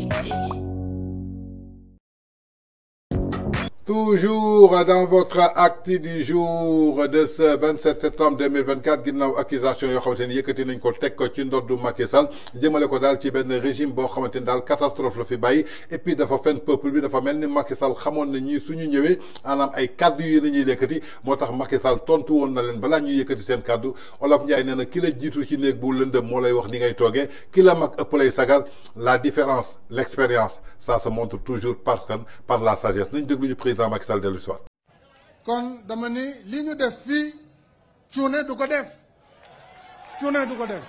Yeah. Toujours dans votre acte du jour de ce 27 septembre 2024 ginnaaw accusation yoo xamante ni yëkkati nañ ko teg ko ci ndoddu Macky Sall jëmale ko daal ci benn régime boo xamante ni daal catastrophe la fi bàyyi et puis dafa fen peuple bi dafa mel ni Macky Sall xamoon na ñii suñu ñëwee maanaam ay kaddu yi la ñuy yëkkati moo tax Macky Sall tontu woon na leen balaa ñuy yëkkati seen kaddu Olof Ndiaye nee na ki la jiitu ci néeg bu lëndëm moo lay wax ni ngay toogee ki la mag ëpp lay la différence l'expérience ça se montre toujours par par la sagesse nañ déglu ñu président président Macky Sall dellu si kon dama ni li def fi du ko def du ko def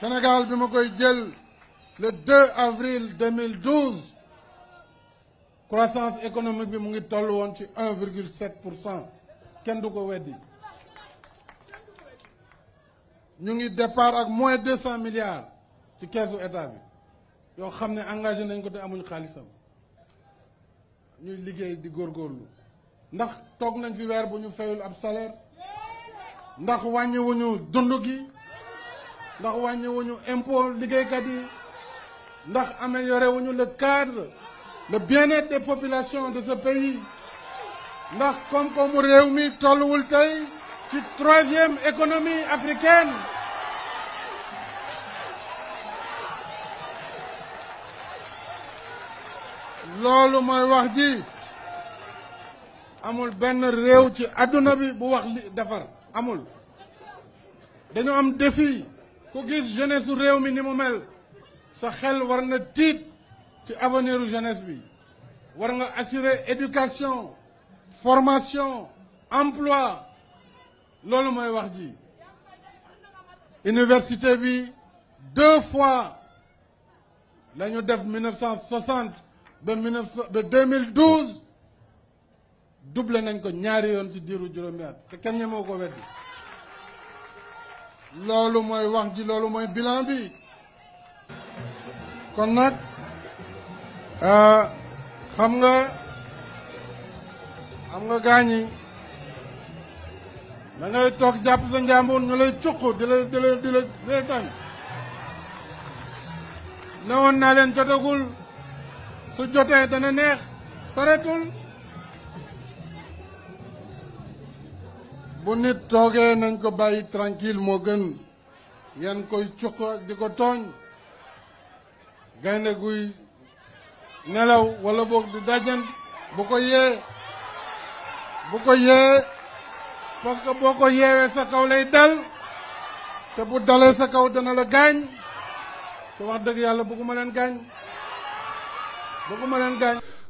Sénégal bi koy jël le 2 avril 2012 croissance économique bi mu ngi toll woon ci 1,7 pour cent kenn du ko weddi ñu ngi départ ak moins 200 milliards ci caisse état bi yoo xam ne engagé nañ ko te amuñ xaalisam ñuy liggéey di góorgóorlu ndax toog nañ fi weer bu ñu fayul ab salaire ndax wàññiwuñu dund gi ndax wàññiwuñu impôt liggéeykat yi ndax amélioré wuñu le cadre le bien-être des populations de ce pays ndax koom-koomu réew mi tolluwul tey ci troisième économie africaine Lolo moy wax ji amul ben rew ci aduna bi bu wax defar amul dañu am défi ko gis jeunesse rew mi ni mu mel sa xel war na ci avenir jeunesse bi war nga assurer éducation formation emploi Lolo moy wax ji université bi deux fois l'année def 1960 ba de 2012 nañ ko ñaari yoon ci diiru juróomi at te kenn ñemoo ko weddi loolu mooy wax ji loolu mooy bilan bi kon nag euh, xam nga xam nga gaañi da ngay toog jàpp sa njàmbur ñu lay cuq di la di la di la di la naa leen jotagul su jotee dana neex soretul bu nit toogee nañ ko bàyyi tranquille moo gën yan koy cuq ak di ko tooñ gaynde guy nelaw wala boog di dajan bu ko yee bu ko yee parce boo ko yeewee sa kaw lay dal te bu dalee sa kaw dana la gaañ te wax dëgg yàlla bëgguma leen gaañ 我不能跟。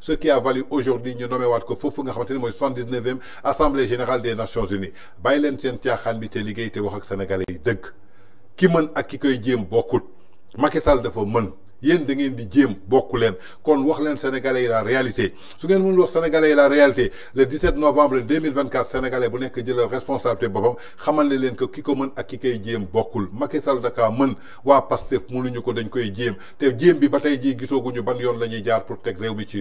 ce qui a valu aujourd'hui ñu nommé wat assemblée générale des nations unies bàyyi len sen tiaxan bi wax ak sénégalais dëgg ki mën ak ki koy dafa yen da ngeen di jéem bokk leen kon wax leen sénégalais la réalité su ngeen mënul wax sénégalais yi la réalité le 17 novembre 2024 sénégalais bu nekk jëlal responsabilité boppam xamal leen que ki ko mën ak ki koy jéem bokkul Macky Sall daka mën waa Pastef mënuñu ko dañ koy jéem te jéem bi ba tey jii gisooguñu ban yoon la ñuy jaar pour teg réew mi ci